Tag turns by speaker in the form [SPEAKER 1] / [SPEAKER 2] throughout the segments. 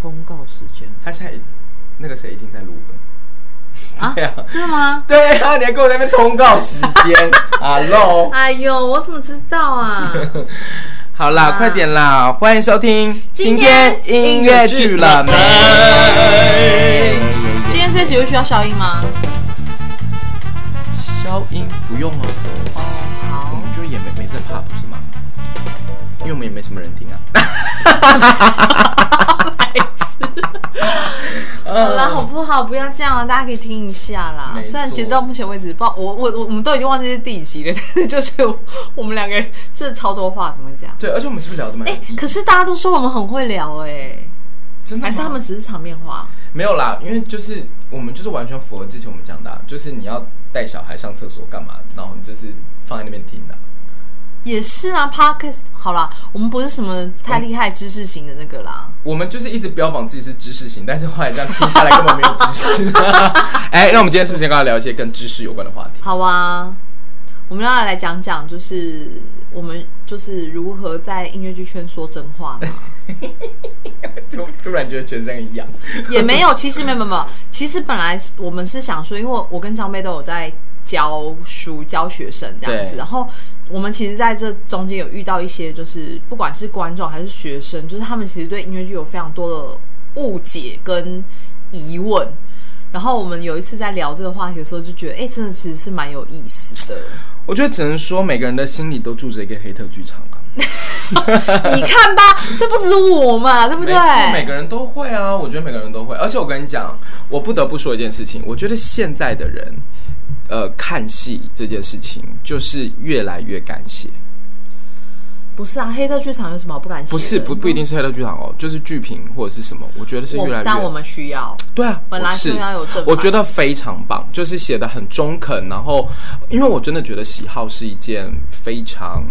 [SPEAKER 1] 通告時間，他現
[SPEAKER 2] 在那個誰一定在錄的，對呀，真的嗎？對啊，你還跟我在那邊通告時間，Hello！
[SPEAKER 1] 哎呦，我怎麼知道啊？
[SPEAKER 2] 好啦，快點啦！歡迎收聽今天音樂劇了沒？
[SPEAKER 1] 今天這集會需要消音嗎？
[SPEAKER 2] 消音不用了，哦，好，我們就也沒沒在怕，不是嗎？因為我們也沒什麼人聽啊。Uh, 好了，好不
[SPEAKER 1] 好？不要這樣了，大家可以聽一下啦。錯雖然截止到目前為止，不知道我，我我我我們都已經忘記是第幾集了，但是就是我們兩個人、就是、超多話，怎麼講？對，而且
[SPEAKER 2] 我們是不是聊的蠻？哎、
[SPEAKER 1] 欸，可是大家都說我們很會聊、欸，哎，真的還是他們只是場面話？
[SPEAKER 2] 沒有啦，因為就是我們就是完全符合之前我們講的、啊，就是你要帶小孩上廁所幹嘛，然後你就是放在那邊聽的、啊。
[SPEAKER 1] 也是啊 Podcast 好啦，我們不是什麼太厲害知識型的那個啦、嗯。
[SPEAKER 2] 我們就是一直標榜自己是知識型，但是後來這樣聽下來根本沒有知識。哎、 欸，那我們今天是不是先跟他聊一些跟知識有關的話題？
[SPEAKER 1] 好啊，我們要來講講，就是我們就是如何在音樂劇圈說真話
[SPEAKER 2] 突 突然覺得全身一樣，也
[SPEAKER 1] 沒有，其實沒有，沒有沒有，其實本來我們是想說，因為我我跟張貝都有在。教書教學生這樣子，對然後我們其實在這中間有遇到一些，就是不管是觀眾還是學生，就是他們其實對音樂劇有非常多的誤解跟疑問。然後我們有一次在聊這個話題的時候，就覺得哎，真的，欸，這個，其實是蠻有意思
[SPEAKER 2] 的。我覺得只能說每個人的心裡都住着一個黑特劇場啊。 你看吧， 這不只是我嘛，對不對？每，每個人都會啊，我覺得每個人都會。而且我跟你講，我不得不說一件事情，我覺得現在的人。呃，看戲這件事情就是越來越敢寫，
[SPEAKER 1] 不是啊，黑色劇場有什麼不敢寫？不是，不，嗯、不一定
[SPEAKER 2] 是黑色劇場哦，就是劇評或者是什麼，我覺得是越來越我但我
[SPEAKER 1] 們需要
[SPEAKER 2] 對啊，本來是要有我是，我覺得非常棒，就是寫的很中肯。然後，因為我真的覺得喜好是一件非常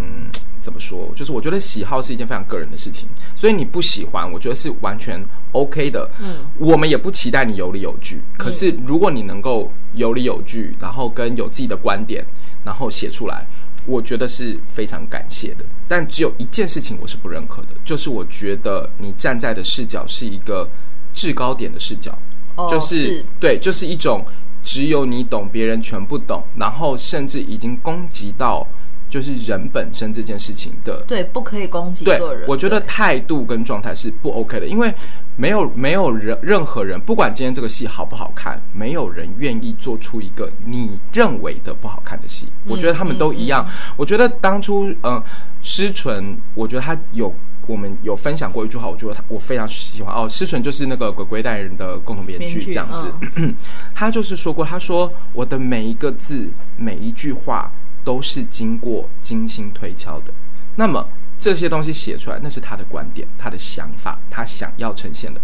[SPEAKER 2] 怎麼說？就是我覺得喜好是一件非常個人的事情，所以你不喜歡，我覺得是完全 OK 的。嗯，我們也不期待你有理有據，可是如果你能夠有理有據，然後跟有自己的觀點，然後寫出來，我覺得是非常感謝的。但只有一件事情我是不認可的，就是我覺得你站在的視角是一個制高點的視角，哦，就是，是。對，就是一種只有你懂，別人全不懂，然後甚至已經攻擊到。就是人本身這件事情的
[SPEAKER 1] 對，不可以攻擊個人對。我覺得
[SPEAKER 2] 態度跟狀態是不 OK 的，對因為沒有沒有人任何人，不管今天這個戲好不好看，沒有人願意做出一個你認為的不好看的戲。嗯、我覺得他們都一樣。嗯嗯、我覺得當初，嗯、呃，詩純，我覺得他有我們有分享過一句話，我覺得他我非常喜歡哦。詩純就是那個鬼鬼代言人的共同編劇這樣子、哦， 他就是說過，他說，我的每一個字，每一句話都是經過精心推敲的，那麼這些東西寫出來，那是他的觀點，他的想法，他想要呈現的。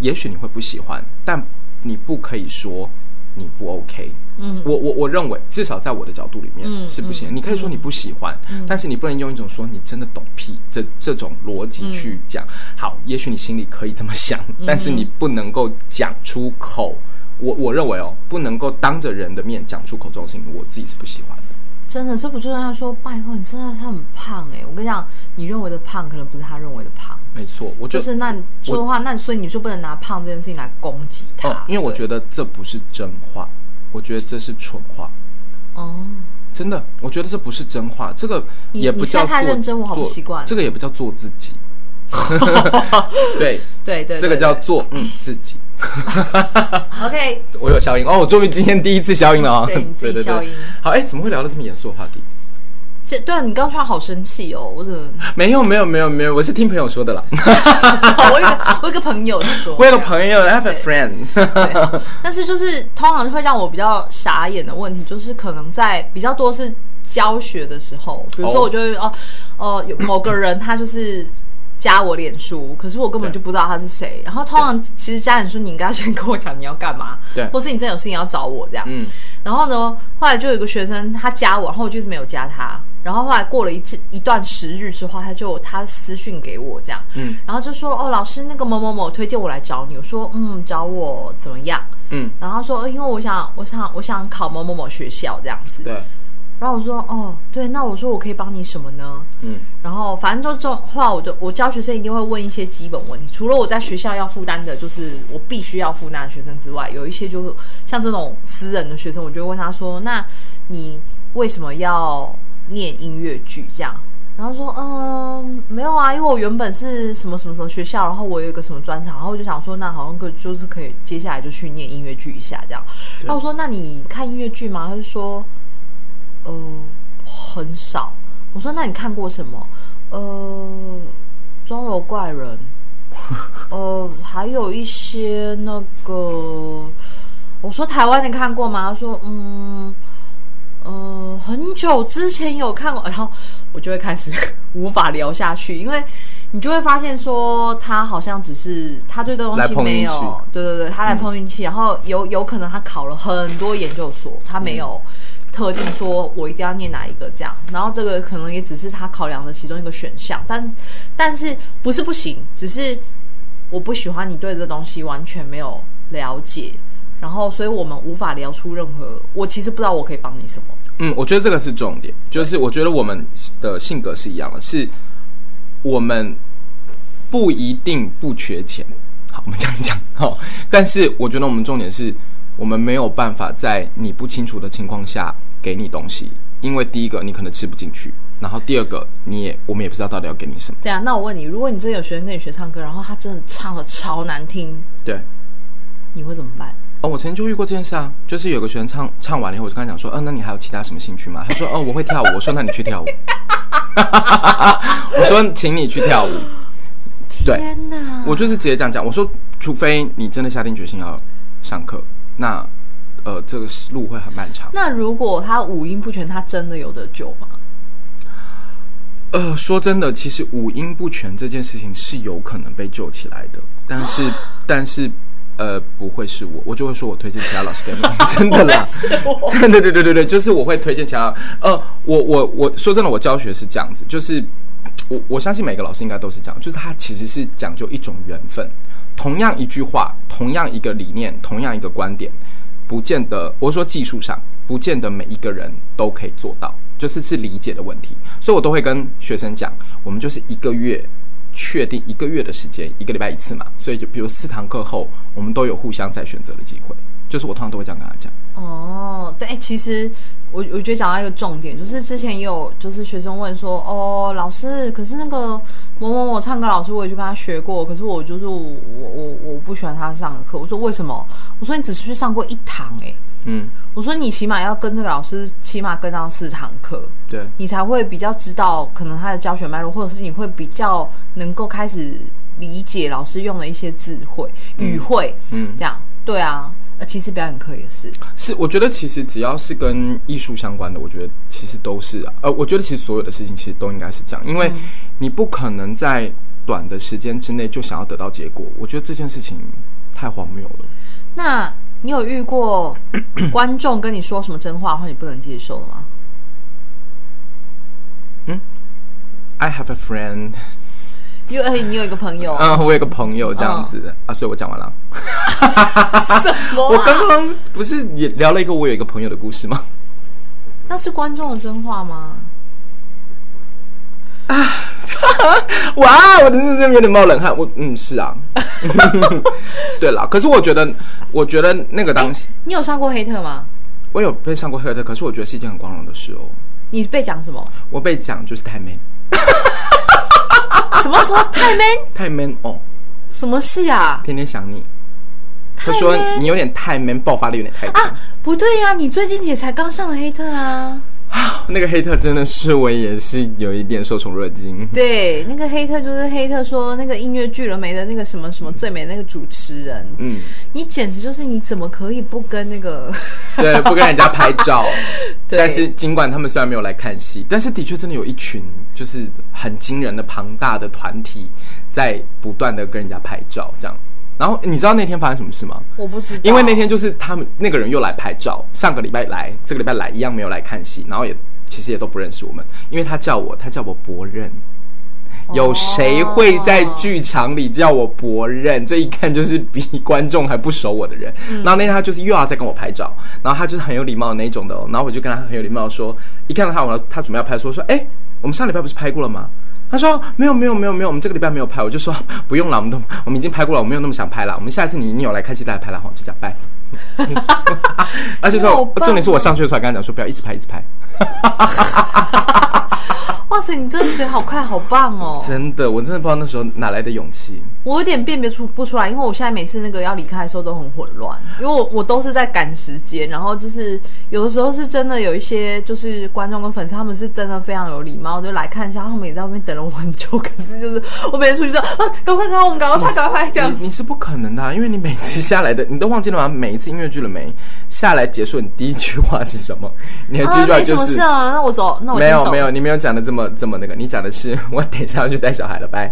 [SPEAKER 2] 也許你會不喜歡，但你不可以說你不 OK。嗯，我我我認為，至少在我的角度裡面是不行。嗯嗯、你可以說你不喜歡，嗯、但是你不能用一種說你真的懂屁這這種邏輯去講。嗯、好，也許你心裡可以這麼想，嗯、但是你不能夠講出口。嗯嗯、我我認為哦，不能夠當着人的面講出口這種事情，我自己是不喜歡的。
[SPEAKER 1] 真的，這不就是他說拜托，你真的是很胖誒、欸，我跟你講，你認為的胖可能不是他認為的胖，
[SPEAKER 2] 沒錯，我就，就是那說的話我
[SPEAKER 1] 那，所以你就不能拿胖這件事情來攻擊他
[SPEAKER 2] ，oh, 對因為我覺得這不是真話，我覺得這是蠢話，
[SPEAKER 1] 哦，oh.
[SPEAKER 2] 真的，我覺得這不是真話，這個也不叫做做，你現在太認真我好不習慣了，這個也不叫做自己， 對， 對，對，對，對，對對對，這個叫做嗯自己。
[SPEAKER 1] o Okay , k
[SPEAKER 2] 我有消音、嗯、哦，我終於今天第一次消音了啊！對，你自己消音。 好，哎、欸，怎麼會聊到這麼嚴肅的話題？
[SPEAKER 1] 這對、啊，你剛說好生氣哦，我怎
[SPEAKER 2] 麼？ 沒有，沒有，沒有，沒有，我是聽朋友說的啦。
[SPEAKER 1] 我有個，我有個朋友、 啊、我
[SPEAKER 2] 有一個朋友對，I have a friend。
[SPEAKER 1] 啊、但是，就是通常會讓我比較傻眼的問題，就是可能在比較多是教學的時候，比如說，我就會哦，哦、oh. 呃，有某個人他就是。加我臉書，可是我根本就不知道他是誰。對然後通常其實加臉書，你應該先跟我講你要幹嘛，對，或是你真有事情要找我這樣。嗯。然後呢，後來就有一個學生他加我，然後我就是沒有加他。然後後來過了一一段時日之後，他就他私訊給我這樣。嗯。然後就說：“哦，老師，那個某某某推薦我來找你。”我說：“嗯，找我怎麼樣？”嗯。然後說、呃：“因為我想，我想，我想考某某某學校這樣子。”對。然後我說哦，對，那我說我可以幫你什麼呢？嗯，然後反正就這種話，我就我教學生一定會問一些基本問題。除了我在學校要負擔的，就是我必須要負擔的學生之外，有一些就是像這種私人的學生，我就會問他說：“那你為什麼要念音樂劇？”這樣，然後說：“嗯，沒有啊，因為我原本是什麼什麼什麼學校，然後我有一個什麼專場，然後我就想說，那好像可就是可以接下來就去念音樂劇一下這樣。對”然後我說：“那你看音樂劇嗎？”他就說。呃，很少。我說，那你看過什麼？呃，鐘樓怪人， 呃，還有一些那個。我說台灣，你看過嗎？他說，嗯，呃，很久之前有看過。然後我就會開始無法聊下去，因為你就會發現說，他好像只是他對這東西沒有，對對對，他來碰運氣。嗯、然後有有可能他考了很多研究所，他沒有。嗯特定說，我一定要念哪一個這樣，然後這個可能也只是他考量的其中一個選項，但但是不是不行，只是我不喜歡你對這東西完全沒有了解，然後所以我們無法聊出任何。我其實不知道我可以幫你什麼。
[SPEAKER 2] 嗯，我覺得這個是重點，對就是我覺得我們的性格是一樣的，是我們不一定不缺錢。好，我們講一講好，但是我覺得我們重點是。我們沒有辦法在你不清楚的情況下給你東西，因為第一個你可能吃不進去，然後第二個你也我們也不知道到底要給你什麼。
[SPEAKER 1] 對啊，那我問你，如果你真的有學生跟你學唱歌，然後他真的唱得超難聽，對，你會怎麼辦？
[SPEAKER 2] 哦，我曾經就遇過這件事啊，就是有個學生唱唱完了以後，我就跟他講說，嗯、啊，那你還有其他什麼興趣嗎？他說，哦、啊，我會跳舞。我說，那你去跳舞。哈哈哈哈哈哈！我說，請你去跳舞。天哪，對，我就是直接這樣講，我說，除非你真的下定決心要上課。那呃，這個路會很漫長。
[SPEAKER 1] 那如果他五音不全，他真的有得救嗎？
[SPEAKER 2] 呃，說真的，其實五音不全這件事情是有可能被救起來的，但是、啊、但是呃，不會是我，我就會說我推薦其他老師給你， 真的啦。 對對對對對，就是我會推薦其他老。呃，我我我說真的，我教學是這樣子，就是我我相信每個老師應該都是這樣，就是他其實是講究一種緣分。同樣一句話，同樣一個理念，同樣一個觀點，不見得我說技術上不見得每一個人都可以做到，就是是理解的問題。所以我都會跟學生講，我們就是一個月確定一個月的時間，一個禮拜一次嘛。所以就比如四堂課後，我們都有互相再選擇的機會。就是我通常都會這樣跟他講。
[SPEAKER 1] 哦，對，其實。我我覺得講到一個重點，就是之前也有就是學生問說，哦，老師，可是那個某某某唱歌老師，我也去跟他學過，可是我就是我我我不喜歡他上的課。我說為什麼？我說你只是去上過一堂誒、欸、
[SPEAKER 2] 嗯，
[SPEAKER 1] 我說你起碼要跟這個老師起碼跟到四堂課，對，你才會比較知道可能他的教學脈絡，或者是你會比較能夠開始理解老師用的一些智慧語彙，嗯，彙嗯，這樣，對啊。呃，其實表演課也是。
[SPEAKER 2] 是，我覺得其實只要是跟藝術相關的，我覺得其實都是啊。呃，我覺得其實所有的事情其實都應該是這樣，因為你不可能在短的時間之內就想要得到結果。我覺得這件事情太荒謬了。
[SPEAKER 1] 那你有遇過 觀眾跟你說什麼真話，或你不能接受的嗎？嗯
[SPEAKER 2] ，I have a friend.
[SPEAKER 1] 因為你有一個朋友、
[SPEAKER 2] 啊。嗯，我有一個朋友這樣子、oh. 啊，所以我講完了。 什
[SPEAKER 1] 麼啊，我剛剛
[SPEAKER 2] 不是也聊了一個我有一個朋友的故事嗎？
[SPEAKER 1] 那是觀眾的真話嗎？
[SPEAKER 2] 啊！哇！我的認真有點冒冷汗。我嗯，是啊。 對了，可是我覺得，我覺得那個東西、
[SPEAKER 1] 欸。你有上過黑特嗎？
[SPEAKER 2] 我有被上過黑特，可是我覺得是一件很光榮的事哦。
[SPEAKER 1] 你被講什麼？
[SPEAKER 2] 我被講就是太 man 什麼、哦、什麼太悶、啊？太悶哦！
[SPEAKER 1] 什麼事呀？
[SPEAKER 2] 天天想你。文他說你有點太悶，爆發力有點太。啊，
[SPEAKER 1] 不對呀、啊，你最近也才剛上了黑特啊。
[SPEAKER 2] 那個黑特真的是我也是有一點受寵若驚。對，
[SPEAKER 1] 那個黑特就是黑特說那個音樂劇《了沒》的那個什麼什麼最美的那個主持人，嗯，你簡直就是你怎麼可以不跟那個？對，不跟人家拍照。
[SPEAKER 2] 對但是儘管他們雖然沒有來看戲，但是的確真的有一群就是很驚人的龐大的團體在不斷的跟人家拍照，這樣。然後你知道那天發生什麼事嗎？
[SPEAKER 1] 我不知道，因為那
[SPEAKER 2] 天就是他們那個人又來拍照。上個禮拜來，這個禮拜來一樣沒有來看戲，然後也其實也都不認識我們。因為他叫我，他叫我博刃。
[SPEAKER 1] 哦、有誰會在
[SPEAKER 2] 劇場裡叫我博刃？這一看就是比觀眾還不熟我的人。嗯、然後那天他就是又要再跟我拍照，然後他就是很有禮貌的那種的、哦。然後我就跟他很有禮貌說，一看到他我他準備要拍，說說，哎，我們上禮拜不是拍過了嗎？他說沒有沒有沒有沒有，我們這個禮拜沒有拍，我就說不用了，我們都我們已經拍過了，我沒有那麼想拍了，我們下一次你你有來開戲再來拍了好就這樣拜。 而且說你、啊、重點是我上去的時候，剛剛講說不要一直拍，一直拍。 哇
[SPEAKER 1] 塞，你真的嘴好快，好棒哦！
[SPEAKER 2] 真的，我真的不知道那時候哪來的勇氣。
[SPEAKER 1] 我有點辨別出不出來，因為我現在每次那個要離開的時候都很混亂，因為我我都是在趕時間。然後就是有的時候是真的有一些就是觀眾跟粉絲，他們是真的非常有禮貌，我就來看一下，他們也在外面等了我很久。可是就是
[SPEAKER 2] 我每次出去說啊，趕快看，我們趕快拍，趕快拍。這樣。你是不可能的、啊，因為你每次下來的你都忘記了嗎？每一次。音樂劇了沒？下來結束，你第一句話是什麼？你的第一句話就是：啊、沒什麼事啊，那我
[SPEAKER 1] 走，那我走。沒有沒有，
[SPEAKER 2] 你沒有講的這麼這麼那個，你講的是我等一下要去帶小孩了，拜。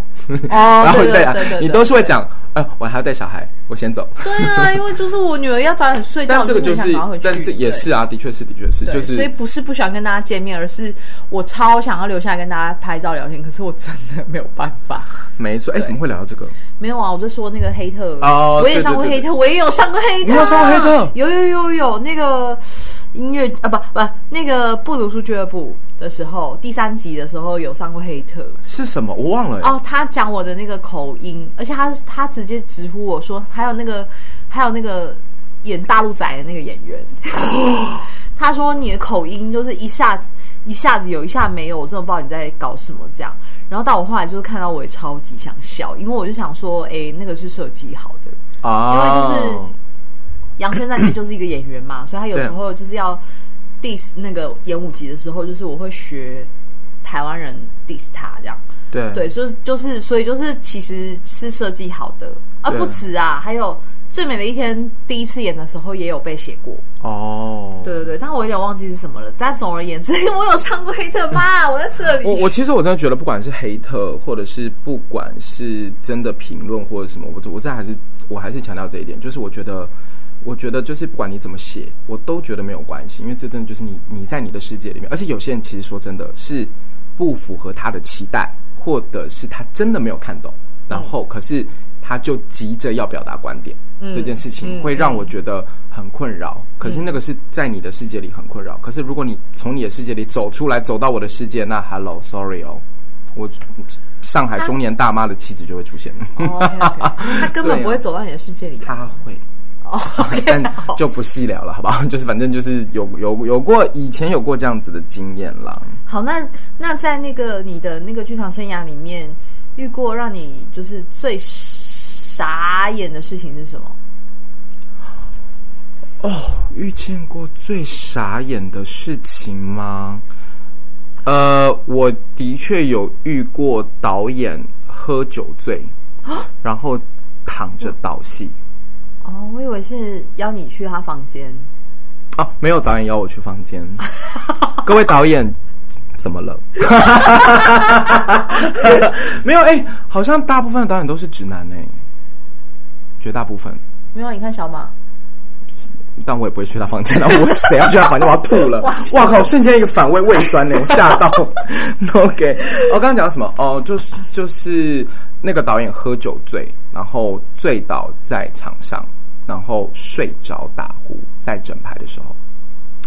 [SPEAKER 2] 哦、 然後對對，對，對，對你都是會講。對對對對對哎，我還要帶小孩，我先走。
[SPEAKER 1] 對啊，因為就是我女兒要早點睡覺，這個就是。
[SPEAKER 2] 但這也是啊，的確是，的確是，就是。所以不
[SPEAKER 1] 是不想跟大家見面，而是我超想要留下來跟大家拍照聊天，可是我真的
[SPEAKER 2] 沒有辦法。沒錯，哎，怎麼會聊到這個？
[SPEAKER 1] 沒有啊，我就說那個黑特，我也上過黑特，我也有上過黑特，有有有有那個音樂啊，不不，那個不讀書俱樂部。的時候，第三集的時候有上過黑特，
[SPEAKER 2] 是什麼？我忘了哦。
[SPEAKER 1] 他講我的那個口音，而且他他直接直呼我說，還有那個還有那個演大陸仔的那個演員， 他說你的口音就是一下子一下子有一下沒有，我真的不知道你在搞什麼這樣。然後到我後來就是看到我也超級想笑，因為我就想說，哎、欸，那個是設計好的
[SPEAKER 2] 啊，oh. 因為就
[SPEAKER 1] 是楊先生在裡面就是一個演員嘛， 所以他有時候就是要。第，i 那個演舞集的時候，就是我會學台灣人 dis 他這樣，對對，所以就，就是所以就是其實是設計好的啊，對而不止啊，還有最美的一天第一次演的時候也有被寫過
[SPEAKER 2] 哦，oh. 對
[SPEAKER 1] 對，對但我有點忘記是什麼了。但總而言之，我有唱過黑特吧， 我在這裡我。我我
[SPEAKER 2] 其實我真的覺得，不管是黑特，或者是不管是真的評論或者什麼，我我真的還是我還是強調這一點，就是我覺得。我覺得就是不管你怎麼寫，我都覺得沒有關係，因為這真的就是你你在你的世界裡面，而且有些人其實說真的是不符合他的期待，或者是他真的沒有看懂，然後可是他就急着要表達觀點，嗯、這件事情會讓我覺得很困擾。嗯嗯、可是那個是在你的世界裡很困擾，嗯、可是如果你從你的世界裡走出來，走到我的世界，那 Hello，Sorry 哦，我上海中年大媽的氣質就會出現， oh, okay, okay. 他根本不會
[SPEAKER 1] 走到你的世界裡、啊
[SPEAKER 2] 啊，他會。Oh, okay, 但就不細聊了，好不好？就是反正就是有有有過以前有過這樣子的經驗了。
[SPEAKER 1] 好，那那在那個你的那個劇場生涯裡面，遇過讓你就是最傻眼的事情是什麼？
[SPEAKER 2] 哦，遇見過最傻眼的事情嗎？呃，我的確有遇過導演喝酒醉，啊、然後躺着導戲。
[SPEAKER 1] 哦，我以為是邀你去他房間。
[SPEAKER 2] 哦、啊，沒有導演邀我去房間。 各位導演怎麼了？ 沒有哎、欸，好像大部分的導演都是直男哎。絕大部分
[SPEAKER 1] 沒有，你看小馬。
[SPEAKER 2] 但我也不會去他房間了。我誰要去他房間，我要吐了！哇靠，瞬間一個反胃胃酸呢、欸，我嚇到。 OK，我剛剛講什麼？哦，就是就是那個導演喝酒醉。然後醉倒在場上，然後睡着打呼，在整排的時候，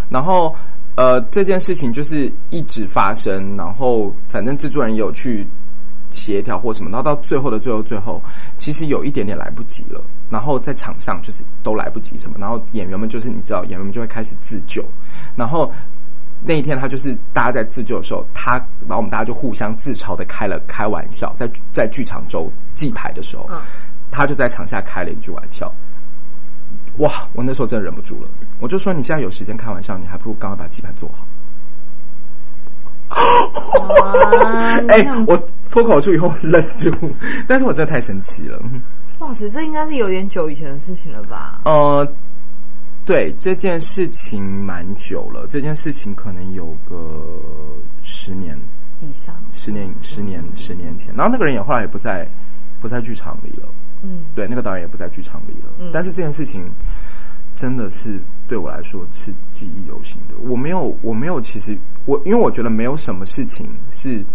[SPEAKER 2] 然後呃這件事情就是一直發生，然後反正製作人也有去協調或什麼，然後到最後的最後最後，其實有一點點來不及了，然後在場上就是都來不及什麼，然後演員們就是你知道演員們就會開始自救，然後。那一天，他就是大家在自救的時候，他然後我們大家就互相自嘲的開了開玩笑，在在劇場周祭牌的時候，他就在場下開了一句玩笑，哇！我那時候真的忍不住了，我就說，你現在有時間開玩笑，你還不如剛剛把祭牌做好。哎，我脫口出以後忍住，但是我真的太神奇了。
[SPEAKER 1] 哇塞，這應該是有點久以前的事情了吧？嗯。
[SPEAKER 2] 對這件事情蠻久了，這件事情可能有個十年以上，十年十年、嗯、十年前。然後那個人也後來也不在，不在劇場裡了。嗯，對，那個導演也不在劇場裡了。嗯，但是這件事情真的是對我來說是記憶猶新的。我沒有，我沒有，其實我因為我覺得沒有什麼事情是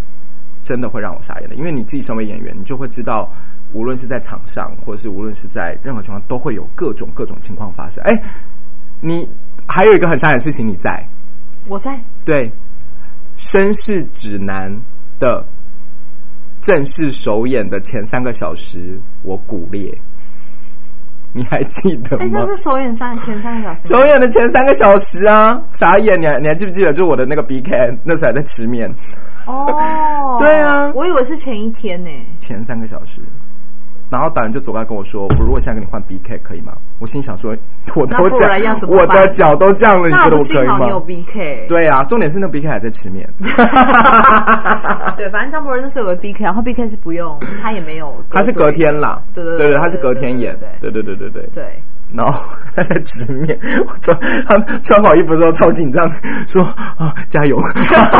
[SPEAKER 2] 真的會讓我傻眼的，因為你自己身為演員，你就會知道，無論是在場上，或者是無論是在任何情況，都會有各種各種情況發生。哎。你還有一個很傻眼的事情，你在，
[SPEAKER 1] 我在，
[SPEAKER 2] 對，《紳士指南》的正式首演的前三個小時，我骨裂，你還記得嗎？哎、欸，那
[SPEAKER 1] 是首演
[SPEAKER 2] 三前三個小時，首演的前三個小時啊，傻眼！你還你還記不記得？就我的那個 BK，那時候還在吃麵哦，
[SPEAKER 1] oh, 對啊，我以為是前一天呢、欸，
[SPEAKER 2] 前三個小時。然後導演就走過來跟我說：“我如果現在跟你換 B K 可以嗎？”我心想說：“我都降，我的腳都這樣了，你覺得我可以嗎？”對啊，重點是那個 B K 還在吃麵。
[SPEAKER 1] 對，反正張博仁那時候有個 B K，然後 B K 是不用，他也沒有，他是隔
[SPEAKER 2] 天啦。對對對對，對對對他是隔天演。對對對對對對,對,對對對對對對。對然後他在直麵，我操！他穿好衣服之後超緊張，說，啊加油！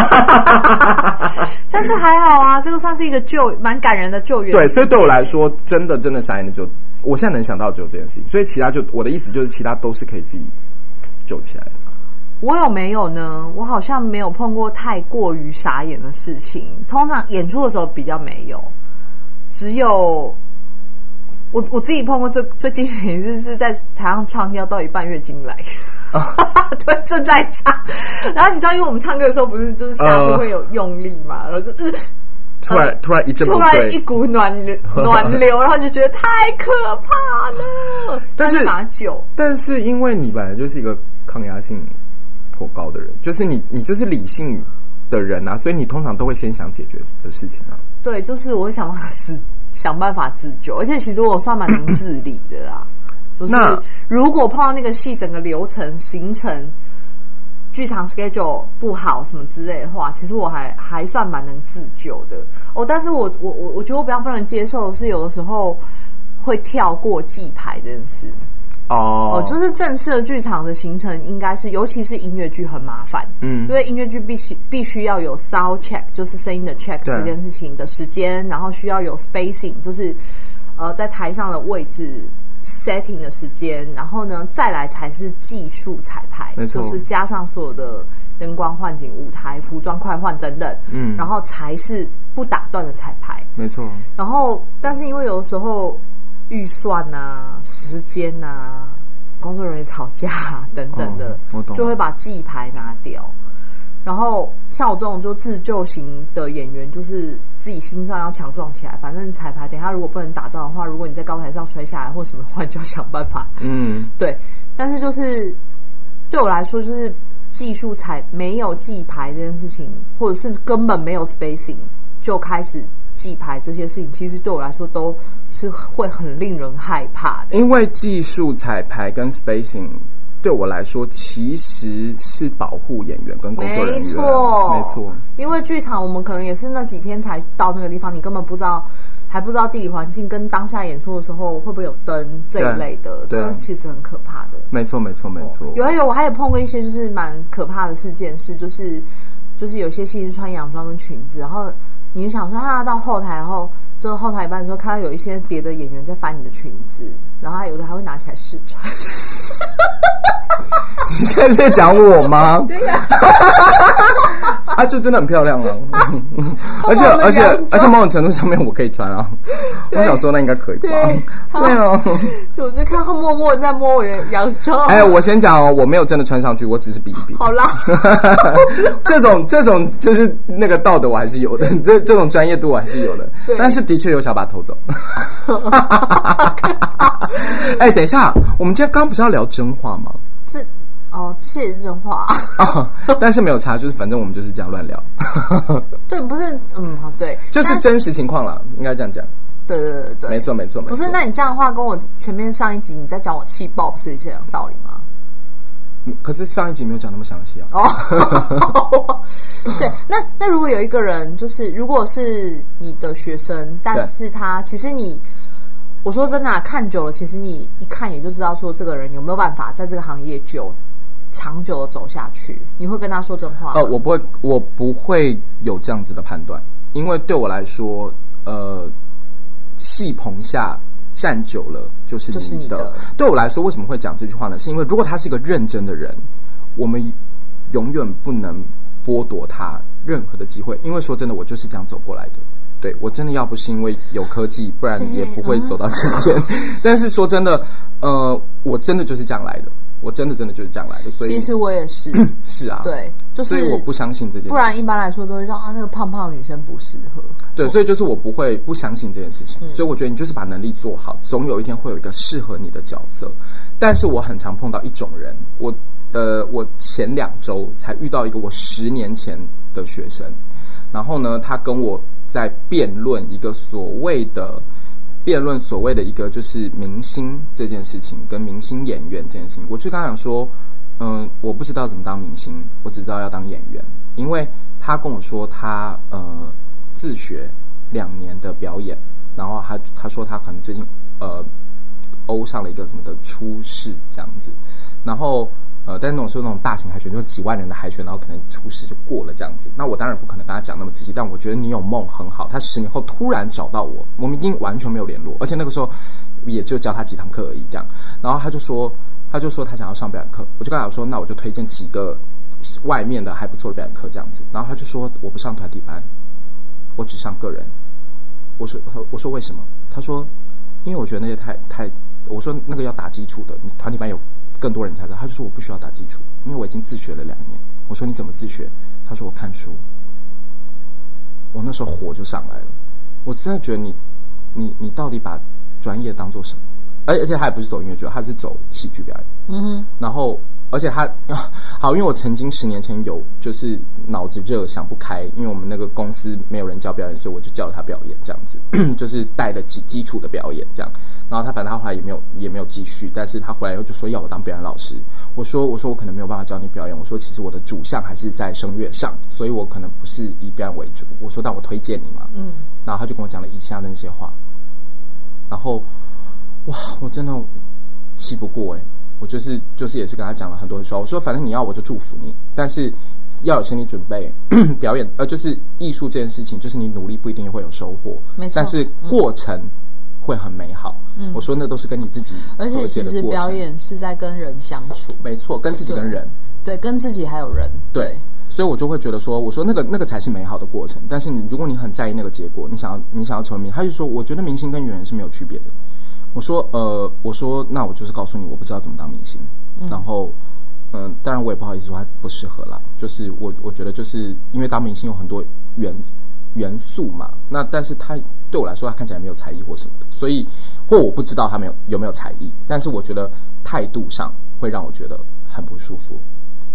[SPEAKER 1] 但是還好啊，這個算是一個救，蠻感人的救援。對，所以對我來
[SPEAKER 2] 說，真的真的傻眼的就，我現在能想到只有這件事情，所以其他就我的意思就是，其他都是可以自己救起來的。
[SPEAKER 1] 我有沒有呢？我好像沒有碰過太過於傻眼的事情，通常演出的時候比較沒有，只有。我我自己碰過最最驚險一次是在台上唱，要到一半月經來，uh, 對，正在唱。然後你知道，因為我們唱歌的時候不是就是下腹會有用力嘛，uh, 然後就是，
[SPEAKER 2] 呃、突然突然一陣突然一
[SPEAKER 1] 股暖流暖流，然後就覺得太可怕了。 但是拿酒，
[SPEAKER 2] 但是因為你本來就是一個抗壓性頗高的人，就是你你就是理性的人啊，所以你通常都會先想解決的事情啊。
[SPEAKER 1] 對，就是我想辦法是。想辦法自救，而且其實我算蠻能自理的啦。咳咳，就是如果碰到那個戲整個流程、行程、劇場 schedule 不好什麼之類的話，其實我還還算蠻能自救的。哦，但是我我我我覺得我比較不能接受的是有的時候會跳過記牌這件事。哦、oh. 呃，就是正式的劇場的行程應該是，尤其是音樂劇很麻煩，嗯，因為音樂劇必須必須要有 sound check，就是聲音的 check 這件事情的時間，對然後需要有 spacing，就是呃在台上的位置 setting 的時間，然後呢再來才是技術彩排，沒錯，就是加上所有的燈光、換景、舞台、服裝快換等等，嗯，然後才是不打斷的彩排，沒錯。然後，但是因為有時候。預算吶、啊，時間吶、啊，工作人員吵架、啊、等等的，哦、就會把記牌拿掉。然後像我這種就自救型的演員，就是自己心臟要強壯起來。反正彩排等一下如果不能打斷的話，如果你在高台上摔下來或什麼的話你就要想辦法。嗯，對。但是就是對我來說，就是技術彩沒有記牌這件事情，或者是根本沒有 spacing 就開始。記牌這些事情，其實對我來說都是會很令人害怕的。
[SPEAKER 2] 因為技術彩排跟 spacing 對我來說其實是保護演員跟工作人員。沒錯，沒錯。
[SPEAKER 1] 因為劇場，我們可能也是那幾天才到那個地方，你根本不知道，還不知道地理環境跟當下演出的時候會不會有燈這一類的，這其實很可怕的。
[SPEAKER 2] 沒錯，沒錯，沒錯。哦、有有，我還
[SPEAKER 1] 有碰過一些就是蠻可怕的事件，嗯、是就是就是有些戲是穿洋裝跟裙子，然後。你就想說、啊，他到後台，然後就後台一般的時候，看到有一些別的演員在翻你的裙子，然後他有的還會拿起來試穿。
[SPEAKER 2] 你 現在是在講我嗎？ 對呀、啊， 啊，就真的很漂亮啊！他 而且而且而且某種程度上面我可以穿啊，對我想說那應該可以吧，穿。對哦。 就
[SPEAKER 1] 我就看他默默在摸我的洋裝。哎、欸，
[SPEAKER 2] 我先講哦，我沒有真的穿上去，我只是比一比。好啦， 這種這種就是那個道德我還是有的，這這種專業度我還是有的，對但是的確有想把它偷走。哎 Okay. 欸，等一下，我們今天剛不是要聊真話嗎？
[SPEAKER 1] 哦，這也是真話
[SPEAKER 2] 哦、但是沒有差，就是反正我們就是這樣亂聊。
[SPEAKER 1] 對，不是，嗯，對，就是
[SPEAKER 2] 但真實情況了，應該這樣講。對對
[SPEAKER 1] 對，沒錯沒錯沒錯。
[SPEAKER 2] 沒錯，不是，錯那你
[SPEAKER 1] 這樣的話，跟我前面上一集你在講我氣爆，不是一樣道理嗎？
[SPEAKER 2] 可是上一集沒有講那麼詳細啊。哦。
[SPEAKER 1] 對，那那如果有一個人，就是如果是你的學生，但是他其實你，我說真的、啊，看久了，其實你一看也就知道，說這個人有沒有辦法在這個行業久。長久的走下去，你會跟他說真話？呃，我
[SPEAKER 2] 不會，我不會有這樣子的判斷，因為對我來說，呃，戲棚下站久了就是你的。你的對我來說，為什麼會講這句話呢？是因為如果他是一個認真的人，我們永遠不能剝奪他任何的機會。因為說真的，我就是這樣走過來的。對，我真的要不是因為有科技，不然也不會走到今天。嗯、 但是說真的，呃，我真的就是這樣來的。我真的真的就是這樣來的，所以其實我也是， 是啊，對，就是，所以我不相信這件事。不然一
[SPEAKER 1] 般來說都會讓，啊，那個胖胖的女生不適合。
[SPEAKER 2] 對，哦、所以就是我不會不相信這件事情。嗯、所以我覺得你就是把能力做好，總有一天會有一個適合你的角色。但是我很常碰到一種人，嗯、我呃，我前兩周才遇到一個我十年前的學生，然後呢，他跟我在辯論一個所謂的。辯論所謂的一個就是明星這件事情跟明星演員這件事情，我就剛想說，嗯、呃，我不知道怎麼當明星，我只知道要當演員，因為他跟我說他呃自學兩年的表演，然後他他說他可能最近呃歐上了一個什麼的初試這樣子，然後。呃，但是那種說那種大型海選，那種幾萬人的海選，然後可能初試就過了這樣子。那我當然不可能跟他講那麼仔細，但我覺得你有夢很好。他十年後突然找到我，我們已經完全沒有聯絡，而且那個時候也就教他幾堂課而已這樣。然後他就說，他就說他想要上表演課，我就跟他說，那我就推薦幾個外面的還不錯的表演課這樣子。然後他就說我不上團體班，我只上個人。我說我說為什麼？他說因為我覺得那些太太，我說那個要打基礎的，你團體班有。更多人才知道，他就說我不需要打基礎，因為我已經自學了兩年。我說你怎麼自學？他說我看書。我那時候火就上來了。我真的覺得你，你，你到底把專業當做什麼？而、哎、而且他也不是走音樂劇，他是走喜劇表演。嗯哼。然後。而且他好，因為我曾經十年前有就是腦子熱想不開，因為我們那個公司沒有人教表演，所以我就教他表演這樣子， 就是帶了幾基礎的表演這樣。然後他反正他後來也沒有也沒有繼續，但是他回來以後就說要我當表演老師，我說我說我可能沒有辦法教你表演，我說其實我的主項還是在聲樂上，所以我可能不是以表演為主。我說但我推薦你嘛，嗯，然後他就跟我講了以下那些話，然後哇我真的氣不過誒、欸。我就是就是也是跟他講了很多說，說我說反正你要我就祝福你，但是要有心理準備， 表演呃就是藝術這件事情，就是你努力不一定會有收穫，沒錯，但是過程、嗯、會很美好。嗯，我說那都是跟你自己，而且其實表
[SPEAKER 1] 演是在跟人相處，
[SPEAKER 2] 沒錯，跟自己跟人
[SPEAKER 1] 對，對，跟自己還有人，
[SPEAKER 2] 對，對所以我就會覺得說，我說那個那個才是美好的過程，但是你如果你很在意那個結果，你想要你想要成名，他就說我覺得明星跟演員是沒有區別的。我說呃，我說，那我就是告訴你，我不知道怎麼當明星。嗯，然後，嗯，呃，當然我也不好意思說他不適合啦。就是我我覺得就是因為當明星有很多元元素嘛。那但是他對我來說，他看起來沒有才藝或什麼的。所以或我不知道他沒有有沒有才藝，但是我覺得態度上會讓我覺得很不舒服。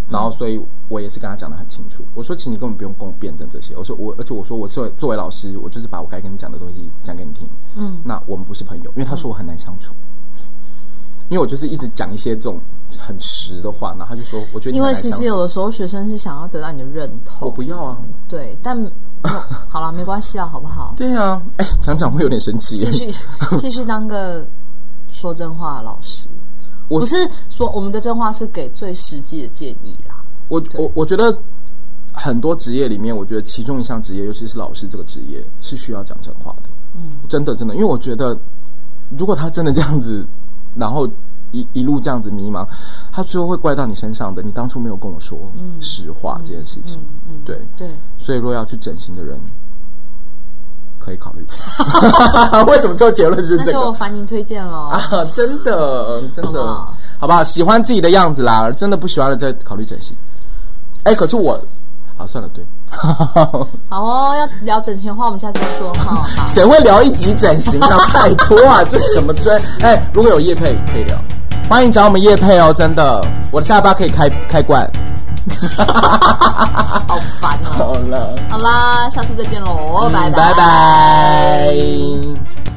[SPEAKER 2] 然後，所以我也是跟他講的很清楚。嗯、我說，請你根本不用跟我辯證這些。我說我，我而且我說，我作為作為老師，我就是把我該跟你講的東西講給你聽。嗯，那我們不是朋友，因為他說我很難相處，嗯、因為我就是一直講一些這種很實的話。然後他就說，我覺得因為其實有
[SPEAKER 1] 的時候學生是想要得到你的認同。我不要啊，對，但好了， 沒關係了、啊，好不好？對啊，
[SPEAKER 2] 哎，講講會有點神奇。繼續，
[SPEAKER 1] 繼續當個說真話的老師。我不是說我們的真話是給最實際的建議啦我。
[SPEAKER 2] 我我我覺得很多職業裡面，我覺得其中一項職業，尤其是老師這個職業，是需要講真話的。嗯，真的真的，因為我覺得如果他真的這樣子，然後一一路這樣子迷茫，他最後會怪到你身上的。你當初沒有跟我說實話這件事情。對、嗯嗯嗯嗯、對。對所以若要去整形的人。可以考慮， 為什麼最後結論是這個？
[SPEAKER 1] 煩您推薦了
[SPEAKER 2] 啊！真的真的，好吧好，不好？喜歡自己的樣子啦，真的不喜歡了再考慮整形。哎、欸，可是我，好算了，對， 好哦，要聊整形的話，
[SPEAKER 1] 我們下次再說
[SPEAKER 2] 哈。誰會聊一集整形呢、啊？ 拜託啊，這什麼專？哎、欸，如果有業配可以聊，歡迎找我們業配哦，真的，我的下巴可以開開罐。哈哈哈！哈， 好煩啊！好了
[SPEAKER 1] 啦，好啦，下次再見嘍，嗯，拜拜，嗯，拜拜。